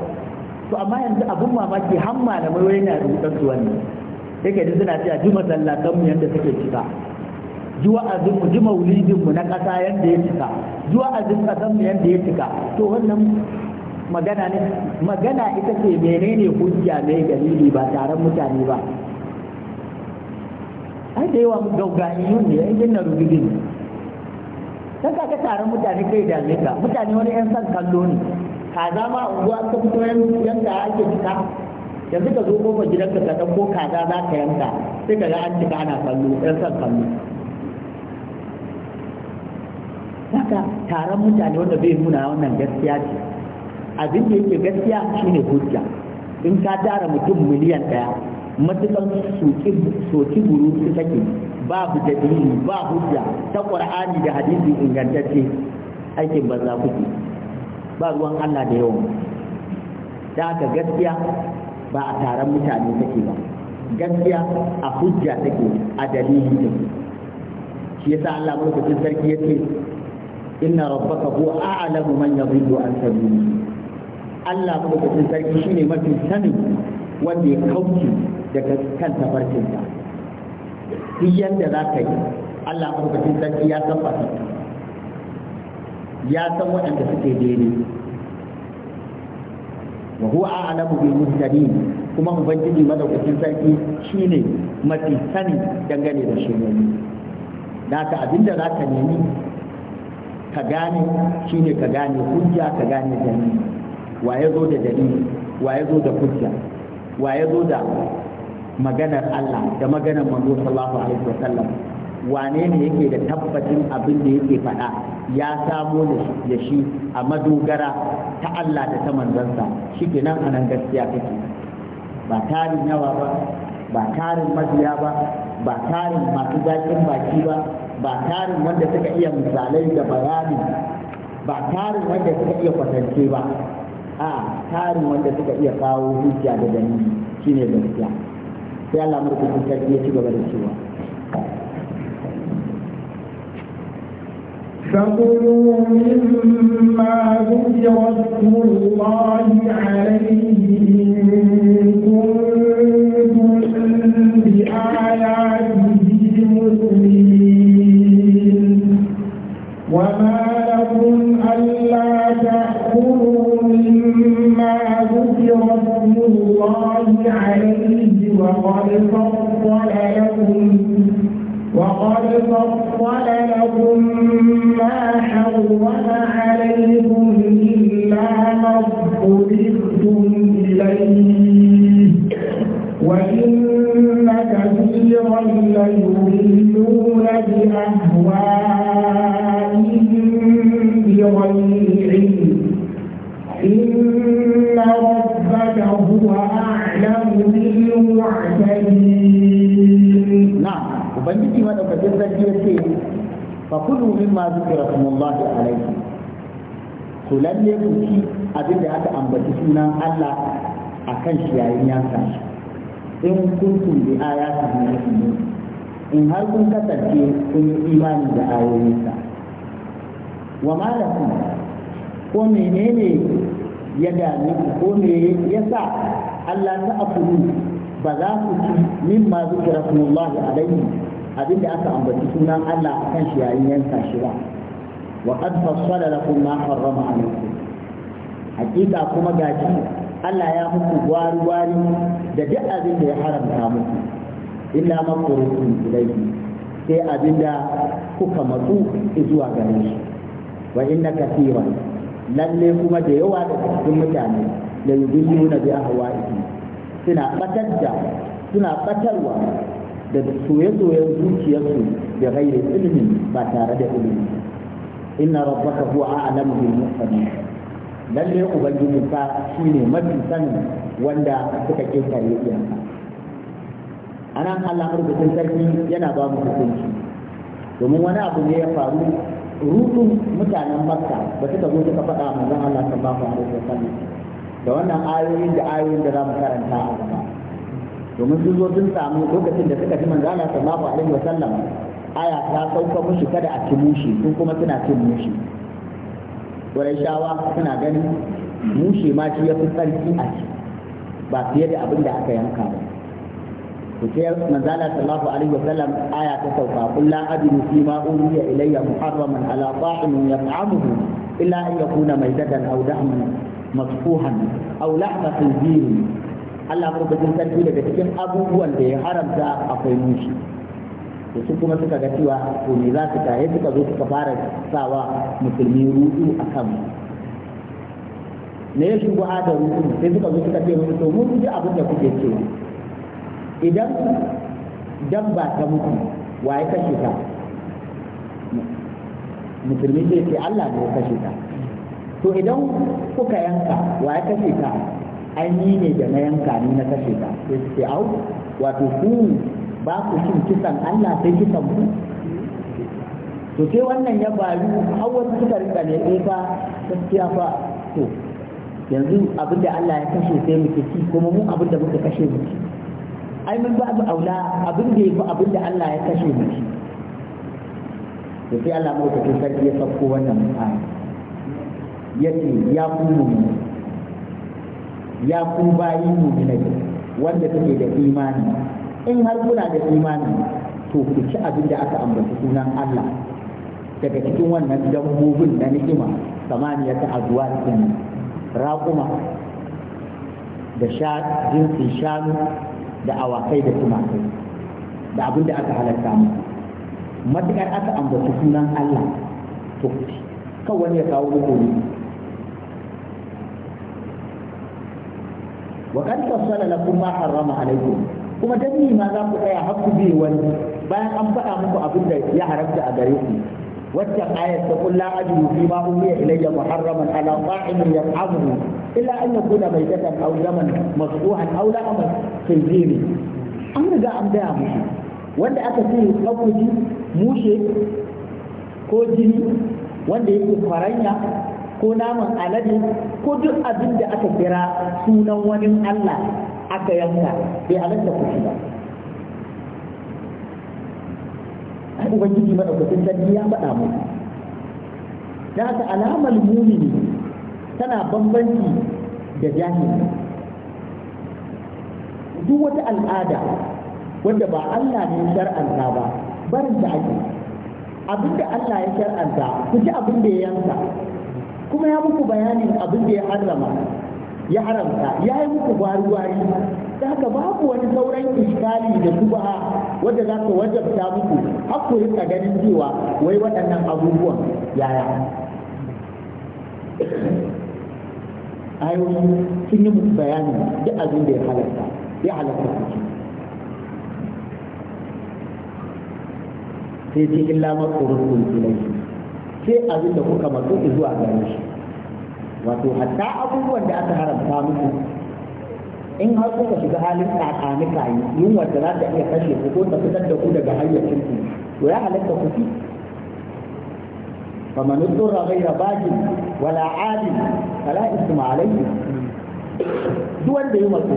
Speaker 1: to amma yanzu abin mamaki har malamai wani na rubutar su wannan yake da suna cewa duk kan mu yanda suke cika ji wa'azin mu ji maulidin mu na ƙasa yadda ya cika ji wa'azin ƙasar mu yadda ya cika to wannan magana ne magana ita ce menene hujja mai dalili ba taron mutane ba ai da yawa gauganiyun ne yan jinna rububin ta kaga taron mutane kai da ka mutane wani yan san kallo ne kaza ma unguwa ta fito yan da ake cika yanzu ka zo kofar gidanka ka ko kaza za ka yanka sai ka ga an cika ana kallo yan san kallo haka taron mutane wanda bai nuna wannan gaskiya ce abin da yake gaskiya shine hujja in ka tara mutum miliyan ɗaya matukan soki guru su take babu dalili ba hujja ta qur'ani da hadisi ingantacce aikin banza kuke ba ruwan Allah da yawan da haka gaskiya ba a taron mutane take ba gaskiya a hujja take a dalili take shi yasa Allah mulkin sarki yake inna rabbaka huwa a'lamu man yadhillu an sabili Allah madaukakin sarki shine mafi sani wanda ya kauce daga kan tafarkinsa duk yanda za ka yi Allah madaukakin sarki ya san ya san waɗanda suke daidai wa huwa a'lamu bil muhtadin kuma ubangiji madaukakin sarki shine mafi sani dangane da shirye da haka abinda za ka nemi ka gane shi ne ka gane hujja ka gane dalili wa ya zo da dalili wa ya zo da hujja wa ya zo da maganar Allah da maganar manzo sallallahu alaihi wasallam wane ne yake da tabbacin abin da yake faɗa ya samo da shi a madogara ta Allah da ta manzansa shi ke a nan gaskiya kake ba tarin yawa ba ba tarin maziya ba ba tarin masu zaƙin baki ba ba tarin wanda suka iya misalai da bayani ba tarin wanda suka iya kwatance ba a tarin wanda suka iya kawo hujja da dalili shine gaskiya sai Allah murkutu sarki ya ci gaba da cewa
Speaker 2: فكلوا مما ذكر اسم الله عليه إن كنتم
Speaker 1: kudu mimma zikira sunallahi alaihi to lalle ku ci abin da aka ambaci sunan Allah a kan shi yayin yanka shi in kuntum bi ayati mu'minin in har kun kasance kun imani da ayoyinsa wa lakum ko menene ya dami ko me yasa Allah ta afuru ba za ku ci mimma zikira sunallahi alaihi abin da aka ambaci sunan Allah kan shi yayin yanka shi ba wa qad fassala lakum ma harrama alaykum hakika kuma gaji Allah ya muku gwari gwari da duk abin da ya haramta muku illa ma qurutun ilayhi sai abin da kuka matsu zuwa gare shi wa inna kathiran lalle kuma da yawa da cikin mutane da yudilluna bi ahwa'ihim suna batar da suna batarwa da soye-soyen zuciyarsu da gairi ilimin ba tare da ilimi inna rabbaka huwa a'lamu bil muhtadin lalle ubangiji ka shine mafi sanin wanda suka kekare iyaka anan Allah rubutun sarki yana ba mu hukunci domin wani abu ne ya faru rukun mutanen makka ba suka zo suka faɗa a manzon Allah sallallahu alaihi wasallam da wannan ayoyin da ayoyin da za mu karanta a gaba domin duk zo sun samu lokacin da suka ji manzo Allah sallallahu alaihi wa sallam aya ta sauka mushi kada a ci mushi sun kuma suna cin mushi shawa suna gani mushi ma shi ya fi tsarki a ci ba fiye da abin da aka yanka ba ku ce manzo Allah sallallahu alaihi wa sallam aya ta sauka qul la fi ma uhiya ilayya muharraman ala ta'imin yat'amuhu illa an yakuna maitatan aw dahman masfuhan aw lahma khinzirin Allah madaukakin sarki daga cikin abubuwan da ya haramta akwai mushi da su kuma suka ga cewa to me za su tare suka zo suka fara sawa musulmi rudu a kan me ya shubuha da rudu sai suka zo suka ce mu to mun ji abin da kuke cewa idan dabba ta mutu wa ya kashe ta musulmi ce ce Allah ne ya kashe ta to idan kuka yanka wa ya kashe ta ai ne da na yanka ni na kashe ka sai su ce au wato ku ba ku cin kisan Allah sai kisan ku to sai wannan ya bari a wasu suka rika ne eh fa gaskiya fa to yanzu abin da Allah ya kashe sai muke ci kuma mu abin da muka kashe muke. ai mun ba aula abin da yafi abin da Allah ya kashe muke. to sai Allah mu ta sarki ya sauko wannan aya yace ya kuma mu ya ku bayi ne wanda take da imani in har kuna da imani to ku ci abin da aka ambaci sunan Allah daga cikin wannan dabbobin na ni'ima samaniya ta azuwa cikin da sha jinsin shanu da awakai da tumakai da abin da aka halatta mu Matukar aka ambaci sunan Allah to kawai ya kawo ne wa qad fassala lakum ma harrama alaykum kuma dan ma za ku tsaya har ku bi wani bayan an faɗa muku abin da ya haramta a gare ku wacce ayat ta qul la ajidu fi ma umiya ilayya muharraman ala ta'imin illa an yakuna baytatan aw daman masfuhan aw la'aman khinziri an riga an gaya muku wanda aka ce tsakuji mushe ko jini wanda yake faranya ko naman alade ko duk abin da aka kira sunan wani Allah aka yanka bai halatta ku ba ai ubangiji madaukakin sarki ya faɗa mu da haka alamar mumini tana bambanci da jahili duk wata al'ada wanda ba Allah ne shar'anta ba barin da ake abinda Allah ya shar'anta ku ji abin da ya yanka kuma ya muku bayanin abin da ya harrama ya haramta ya yi muku gwari-gwari da haka babu wani sauran iskali da subaha wadda za ka wajabta muku haku rika ganin cewa wai waɗannan abubuwan yaya ayoyi sun yi muku bayanin da abin da ya halatta ya halatta ce sai ce illa makurukun ilai sai abin da kuka matsu zuwa ganin shi wato hatta abubuwan da aka haramta muku in har kuka shiga halin kakanika yi yunwar wanda za ta iya kashe ku ko ta fitar da ku daga hayyacin ku to ya halatta ku fi فمن اضطر غير باج ولا عاد فلا اسم عليه duk wanda ya mutu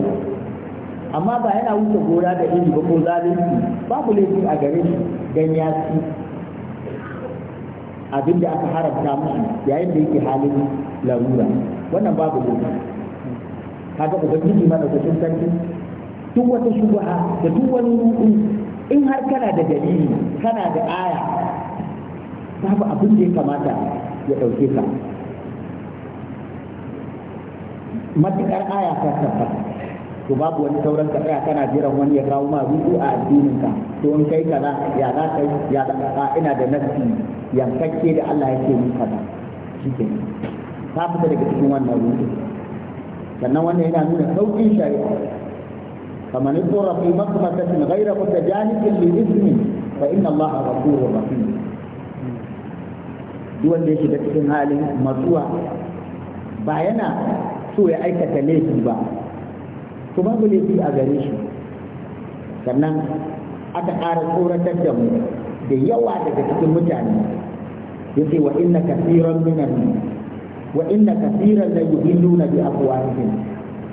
Speaker 1: amma ba yana wuce gora da iri ba ko zalunci babu laifi a gare shi dan ya ci abin da aka haramta musu yayin da yake halin larura wannan babu doka kaga ubangiji ma daukacin sarki duk wata shubaha da duk wani ruɗu in har kana da dalili kana da aya babu abin da ya kamata ya ɗauke ka matuƙar aya ta tabba to babu wani sauran ka tsaya kana jiran wani ya kawo ma ruɗu a addinin ka to in kai kaza ya za ka ya ina da nafsi yankakke da Allah yake yi kaza shikenan ta fita daga cikin wannan ruɗi sannan wannan yana nuna sauƙin shari'a kamar ni tsora fi makmasatin ghaira mutajahidin li ismi fa inna a ghafurur rahim duk wanda ya shiga cikin halin matsuwa ba yana so ya aikata laifi ba to babu laifi a gare shi sannan aka ƙara tsoratar da mu da yawa daga cikin mutane yace wa inna kasiran minan wa inna kafiran la yuhilluna bi afwahihim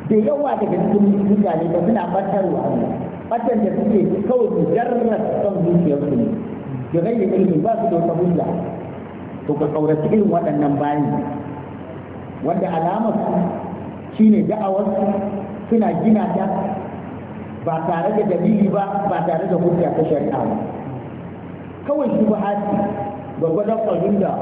Speaker 1: da yawa daga cikin mutane ba suna batarwa batan da suke kawai su jarrar son zuciyarsu ne da rai da ilimi ba su da wata hujja to ka kaurace irin waɗannan bayan wanda alamar shine da'awar suna gina ta ba tare da dalili ba ba tare da hujja ta shari'a ba kawai shubahati gwagwadon abin da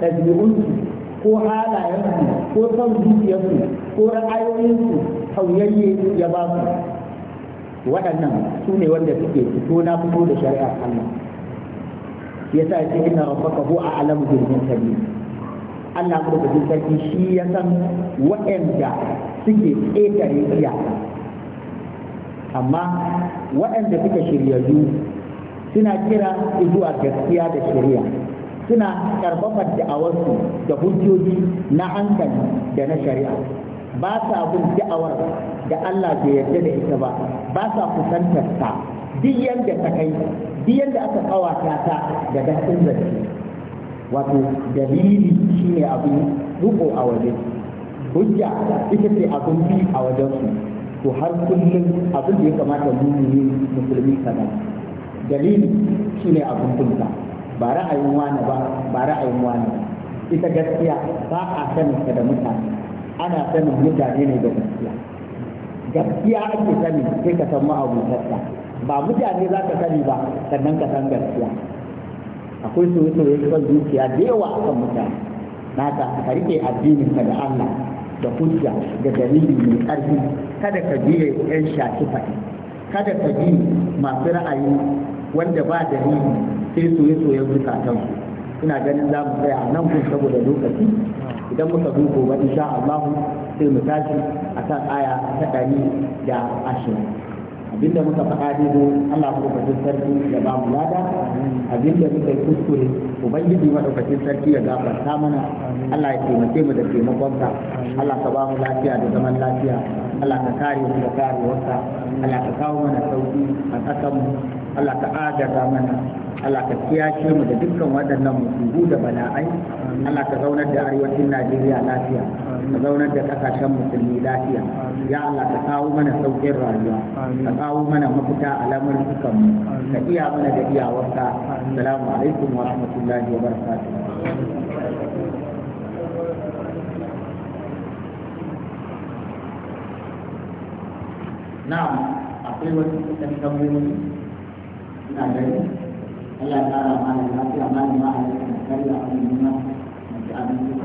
Speaker 1: ɗabi'unsu ko halayensu ko son zuciyarsu ko ra'ayoyinsu sauyayye ya ba su waɗannan su ne wanda suke fito na fito da shari'ar Allah ya sa ce inna rabbaka a a'lamu jirgin sani Allah ko da sarki shi ya san waɗanda suke ƙetare iyaka amma waɗanda suka shiryayyu suna kira zuwa gaskiya da shari'a suna karfafar da'awarsu da hujjoji na hankali da na shari'a ba sa bin da'awar da Allah bai yarda da ita ba ba sa kusantar ta duk yanda ta kai duk yanda aka kawata ta da dakin zance wato dalili shine abin ruko a waje hujja ita ce abin bi a wajen su to har kullum abin da ya kamata mu musulmi kana dalili shine abin kunta ba ra'ayin wani ba ba ra'ayin wani ita gaskiya ba a sanin ka da mutane ana sanin mutane ne da gaskiya gaskiya ake sani sai ka san ma'abutarsa ba mutane za ka sani ba sannan ka san gaskiya akwai soyayya son zuciya da yawa a kan mutane na ka rike addinin ka da Allah da hujja da dalili mai ƙarfi kada ka biye yan shafi faɗi kada ka bi masu ra'ayi wanda ba dalili sai soye-soyen zukatan ina ganin za mu tsaya nan kun saboda lokaci idan muka bi gobe insha Allah sai mu tashi akan aya ta ɗari da ashirin abinda muka faɗa don Allah ko kafin sarki ya ba mu lada abinda muka yi kuskure ubangiji madaukakin sarki ya gafarta mana Allah ya taimake mu da taimakonka Allah ka ba mu lafiya da zaman lafiya Allah ka kare mu da karewarka Allah ka kawo mana sauki a ƙasar Allah ka agaza mana Allah ka kiyashe mu da dukkan waɗannan musibu da bala'ai Allah ka zaunar da arewacin Najeriya lafiya ka zaunar da ƙasashen musulmi lafiya ya Allah ka kawo mana saukin rayuwa ka kawo mana mafita a lamarin sukan mu ka iya mana da iyawarka assalamu alaikum wa rahmatullahi wa barakatuh na'am akwai wasu kusan tambayoyi ina gani Allah ya kara mana lafiya ma a yi kan a abin nuna da abin